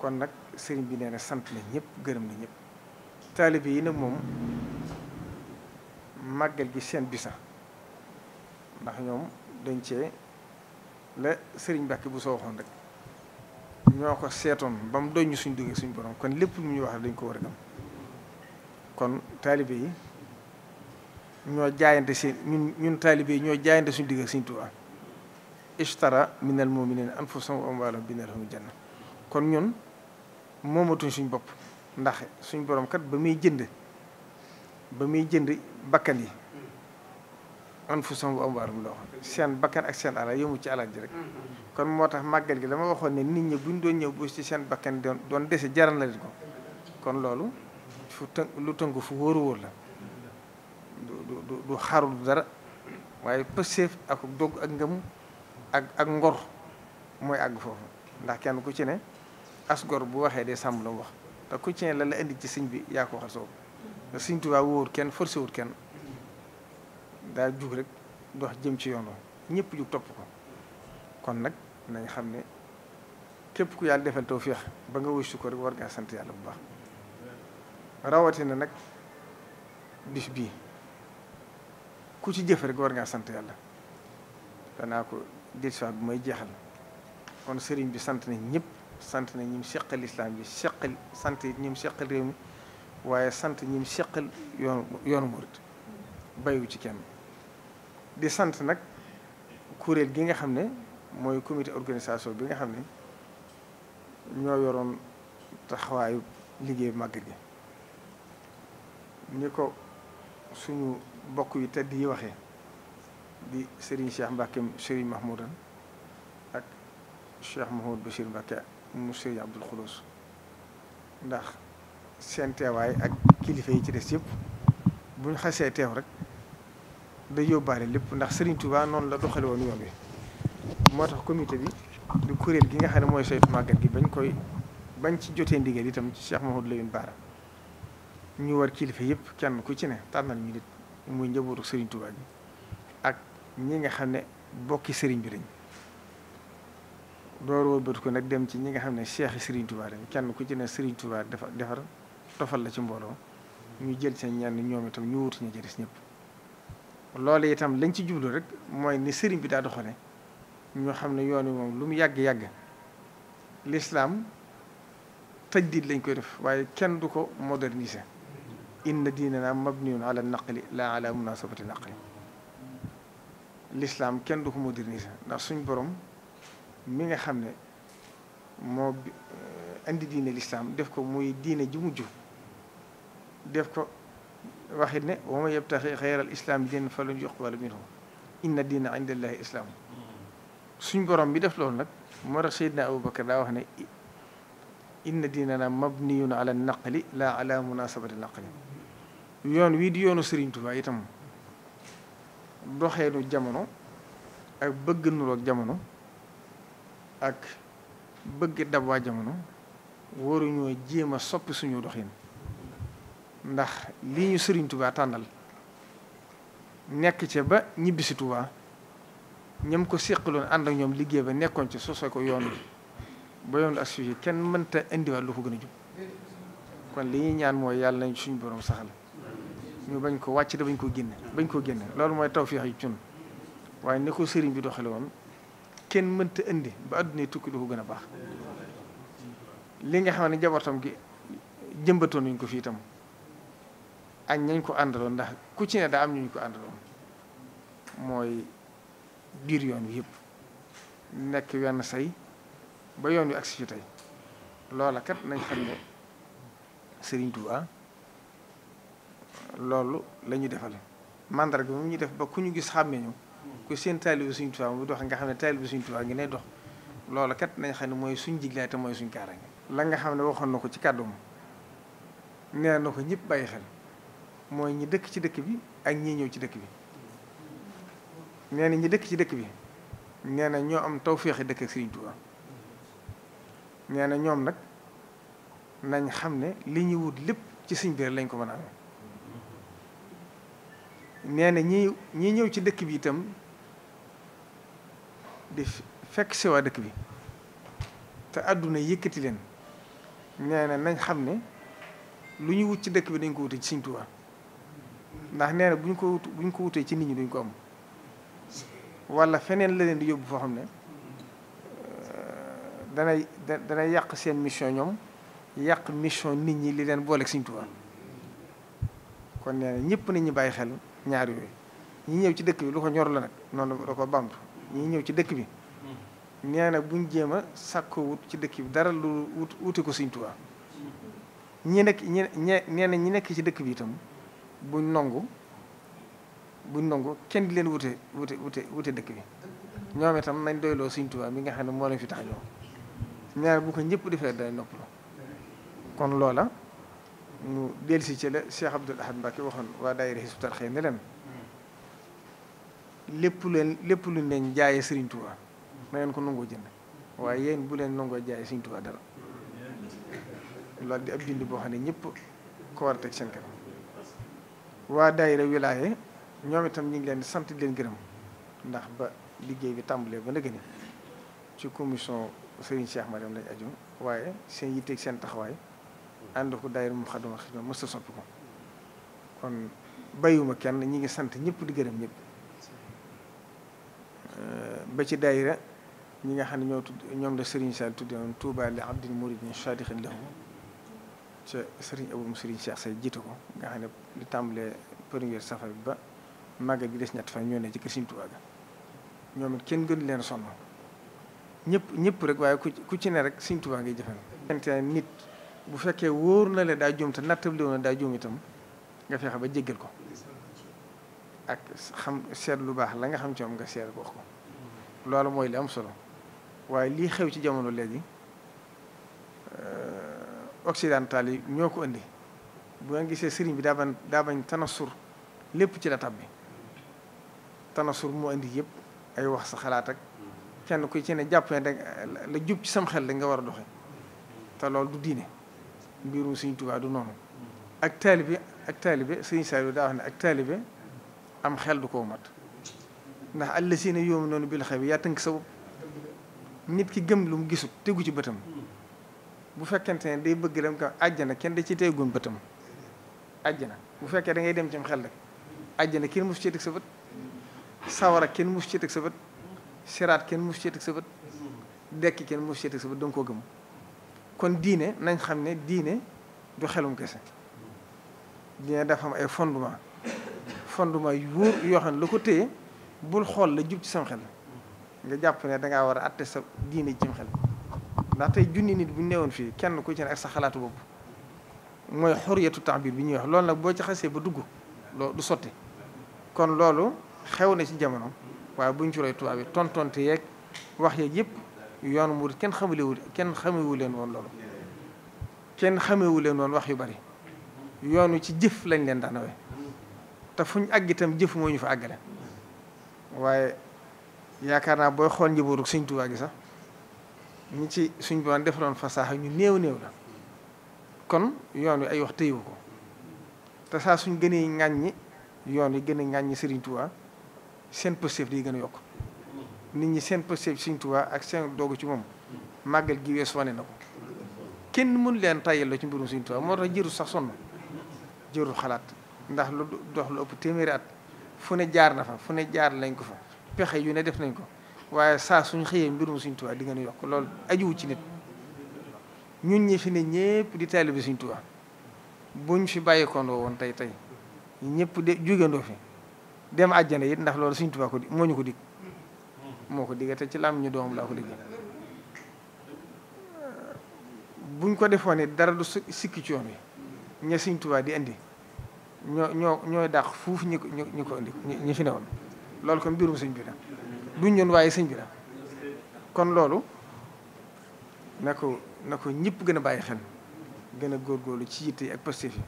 kon nag sëriñ bi nee na sant na ñëpp gërëm na ñëpp taalibe yi nag moom màggal gi seen bisa ndax ñoom dañ cee la sëriñ Mbàkke bu soo waxoon rek ñoo ko seetoon ba mu doññ suñ duggee suñ borom kon lépp lu ñu wax dañ ko war a gëm kon taalibe yi ñoo jaayante seen ñun ñun taalibe yi ñoo jaayante suñ digg ak suñ Tuubaa ishtara moom mu'minina neen wa amwaalahum bi anna lahumul janna kon ñun moomatuñ suñ bopp ndax suñ borom kat ba muy jënd ba muy jënd bakkan yi anfusahum wa amwaalahum la waxoon seen bakkan ak seen alal yëmu ci alal ji rek kon moo tax màggal gi dama waxoon ne nit ñi buñ doon ñëw bu ci seen bakkan doon doon dese jaral na leen ko kon loolu fu tënk lu tënk fu wóoru wóor la du du xarul dara waaye pëseef ak dogg ak ngëm ak ak ngor mooy àgg foofu ndax kenn ku ci ne asgor bu waxee de sàmm la mu wax te ku ci la la indi ci sëñ bi yaa ko waxal soo te sëñ Tuubaa wóor kenn forcé wut kenn daa jug rek dox jëm ci yoon ñëpp jug topp ko kon nag nañ xam ne képp ku yàlla defal tawfeex ba nga wëstu ko rek war ngaa sant yàlla bu baax rawatina nag bis bii ku ci jëf rek war ngaa sant yàlla danaa ko dil soit bu may jeexal kon sëriñ bi sant nañ ñëpp sant nañ ñim seqal islam bi seqal sant ñim seqal réew mi waaye sant ñim seqal yoon yoonu murit bayu ci kenn di sant nag kuréel gi nga xam ne mooy commité organisation bi nga xam ne ñoo yoroon taxawaayu liggéey màggal gi ni ko suñu bokk yi tedd yi waxee di sëriñ Cheikh Mbacke sëriñ Mahmoudan Cheikh Mouhamadou Bachir Mbacké mu Serigne Abdoul Khoudous ndax seen teewaay ak kilifa yi ci des yëpp bu ñu xasee teew rek da yóbbaale lépp ndax Serigne Touba noonu la doxale woon yoon wi moo tax comité bi du kuréel gi nga xam ne mooy saytu màgget gi bañ koy bañ ci jotee ndigal itam ci Cheikh Mouhamadou Lamine Bara ñu war kilifa yëpp kenn ku ci ne tànnal ñu muy njabootu Serigne Touba gi ak ñi nga xam ne bokki sëriñ bi lañ. door ko nag dem ci ñi nga xam ne Cheikh Serigne Touba lañ kenn ku ci ne Serigne Touba dafa defar tofal la ci mbooloo ñu jël seen ñenn ñoom itam ñu wutu ñu jëriñ ñëpp. loolu itam lañ ci jublu rek mooy ni Serigne bi daa doxale ñoo xam ne yoon wi moom lu mu yàgg yàgg l'islam tajdid lañ koy def waaye kenn du ko moderniser. inna diinana mabniyun ala naqli la ala munasabati naqli l'islam kenn du ko moderniser ndax suñ boroom mi nga xam ne moo eh, indi diine lislaam def ko muy diine ju mujj def ko waxit ne wa man yabtaxi xayra al islaami diinan falan yuqbala minhu inna diina inda allahi islaam suñ borom bi def loolu nag moo tax Seydina Aboubacar daa wax ne inna diinana mabniyun ala naqli la ala munasabati naqli yoon wii di yoonu Serigne Touba itam doxeenu jamono ak bëgg nuroog jamono ak bëgg dab waa jamono waruñoo jéem a soppi suñu doxin ndax lii ñu sëriñ tubaa tànnal nekk ca ba ñibbisi Tuubaa ñam ko séqaloon ànd ak ñoom liggéey ba nekkoon ci sosoo ko yoon ba yoon ak sujet kenn mënta indiwaat lu ko gën a jub kon li ñuy ñaan mooy yàlla nañ suñu borom saxal ñu bañ ko wàcc da bañ ko génne bañ koo génne loolu mooy tawfeex yi cun waaye ni ko sëriñ bi doxale woon kenn mënta indi ba àdduna tukki du ko gën a baax li nga xam ne jabartam gi jëmbatoon nañ ko fii tam ak ñañ ko àndaloon ndax ku ci ne daa am ñu ko àndaloon mooy biir yoon wi yëpp nekk wenn say ba yoon wi agsi fi tey loola kat nañ xam ne Sëriñ Tuubaa loolu la ñu defal mandarga moom ñu def ba ku ñu gis xàmmee ñu ku seen taalibu Sëriñ Tuubaa mu dox nga xam ne taalibu Sëriñ Tuubaa ngi ne dox loolu kat nañ xam ne mooy suñ jiglaay te mooy suñ kaaraange la nga xam ne waxoon na ko ci kàddoom nee na ko ñëpp bàyyi xel mooy ñi dëkk ci dëkk bi ak ñi ñëw ci dëkk bi na ñi dëkk ci dëkk bi nee na ñoo am tawféexi dëkk ak Sëriñ Tuubaa nee na ñoom nag nañ xam ne li ñuy wut lépp ci suñ biir lañ ko mën a amee nee na ñi ñëw ci dëkk bi itam di fekk si dëkk bi te àdduna yékkati leen nee nañ xam ne lu ñu wut ci dëkk bi dañ ko wutee ci Sëñ Tuubaa ndax nee na bu ñu ko wutee ci nit ñi duñ ko am wala feneen la leen di yóbbu foo xam ne euh, danay danay yàq seen mission ñoom yàq mission nit ñi li leen booleeg Sëñ Tuubaa kon nee na ñëpp nañ ñu bàyyi xel ñaar yooyu ñu ñëw ci dëkk bi lu ko ñor la nag noonu la ko bàmtu ñi ñëw ci dëkk bi nee buñ jéem a sàkkoo wut ci dëkk bi dara lu wut wuti ko Sëriñ Tuubaa ñi nekk ñi nee na ñi nekk ci dëkk bi itam buñ nongu buñ nongu kenn di leen wute wute wute wute dëkk bi ñoom itam nañ doyloo Sëriñ Tuubaa mi nga xam ne moo leen fi tax ñoom ñaar bu ko ñëpp defee day noppaloo kon loola mu delsi ci la Cheikh Abdoul Ahad Mbacké waxoon waa daayira Hizbut Tarqiyyah ne leen lépp leen lépp lu leen jaayee Serigne Touba na ngeen ko nangoo jënd waaye yéen bu leen nangoo jaayee Serigne Touba dara loolu di ab bind boo xam ne ñëpp ko war a teg seen kanam waa daayira wilaaye ñoom itam ñu ngi leen sant di leen gërëm ndax ba liggéey bi tàmbalee ba nëgëni ci commission Serigne ma Mariam lañ ajo waaye seen yitteeg seen taxawaay ànd ko daayira mu xaduma xidma mës a soppi ko kon bàyyiwuma kenn ñu ngi sant ñëpp di gërëm ñëpp. ba ci daayira ñi nga xam ne ñoo ñoom la Serigne Sall tudde noonu Touba li abdin muridin sadiqin lahu ca Serigne Abou Serigne Cheikh say jiite ko nga xam ne li tàmbalee première safar bi ba màggal gi des ñett fan ñoo ne ci kër Serigne Touba ga ñoom it kenn gënu leen sonn ñëpp ñëpp rek waaye ku ci ne rek Serigne Touba ngay jëfandikoo. nit bu fekkee wóor na leen daa juum te nattable na daa juum itam nga fexe ba jéggal ko ak xam seet lu baax la nga xam ci moom nga seet wax ko. loolu mooy li am solo waaye lii xew ci jamono léegi euh, occidental yi ñoo ko indi bu nga gisee sëriñ bi daa bañ daa bañ lépp ci la tab bi tanasur moo indi yëpp ay wax sa xalaat ak kenn ku ci ne jàpp ne la jub ci sam xel da nga war a doxe te loolu du diine mbirum Sëriñ Tuubaa du noonu ak taalibe ak taalibe Sëriñ Saliou daa wax ne ak taalibe am xel du ko mat ndax allazina yu'minuna bil ghaybi yaa tënk sa bopp nit ki gëm lu mu gisul tegu ci bëtam bu fekkente ne day bëgg dem ka àjjana kenn da ci teegoon bëtam àjjana bu fekkee da ngay dem ci xel rek àjjana kenn mus ci teg sa bët sawara kenn mus ci teg sa bët kenn mus ci teg sa kenn mus ci teg danga koo gëm kon diine nañ xam ne diine du xelum kese diine dafa am ay fondement fondement yu yoo xam ne loo ko téye bul xool la jub ci sam xel nga jàpp ne dangaa war a àtte sa diine ci sam xel ndax junni nit bu ñu newoon fii kenn ku ci ne ak sa xalaatu bopp mooy xor xoriyatu taabir bi ñuy wax loolu nag boo ci xasee ba dugg loolu du sotti kon loolu xew na ci jamono waaye buñ ci roy tubaab yi tontonte yeeg wax yeeg yëpp yoonu mu kenn xamulewul kenn xamewu leen woon loolu kenn xamewu leen woon wax yu bari yoonu ci jëf lañ leen daanawee te fuñ àgg itam jëf moo fa àggale waaye yaakaar naa booy xool njabootu Sëñ Tuubaa gi sax ñi ci suñ boon defaroon fasaaxa ñu néew néew la kon yoon wi ay wax tëyewu ko te saa suñ gënee ŋàññi yoon yi gën a ŋàññi Sëriñ Tuubaa seen pëstéef di gën a yokk nit ñi seen pëstéef Sëriñ Tuubaa ak seen doogu ci moom màggal gi wees wane na ko kenn mënu leen la ci mbirum Sëriñ Tuubaa moo tax jëru sax sonn jërul xalaat ndax lu dox lu ëpp téeméeri at fu ne jaar na fa fu ne jaar lañ ko fa pexe yu ne def nañ ko waaye saa suñ xëyee mbirum suñ Tuubaa di ngeen yokk loolu ajuwu ci nit ñun ñi fi ne ñëpp di taalibe suñ Tuubaa buñ fi bàyyikondoo woon tey tey ñëpp de jógandoo fi dem àjjana it ndax loolu suñ Tuubaa ko di moo ñu ko dig moo ko digga te ci lam ñu doomam laa ko digg buñ ko defoon ne dara du sikki ci yoon wi ña suñ Tuubaa di indi ñoo ñoo ñooy dàq fuuf ñi ko ñi ko indi ñi fi newoon loolu kon mbirum sëñ bi la duñ ñun waaye sëñ bi la kon loolu na ko na ko ñëpp gën a bàyyi xel gën a góor góorlu ci yitte yi ak positif yi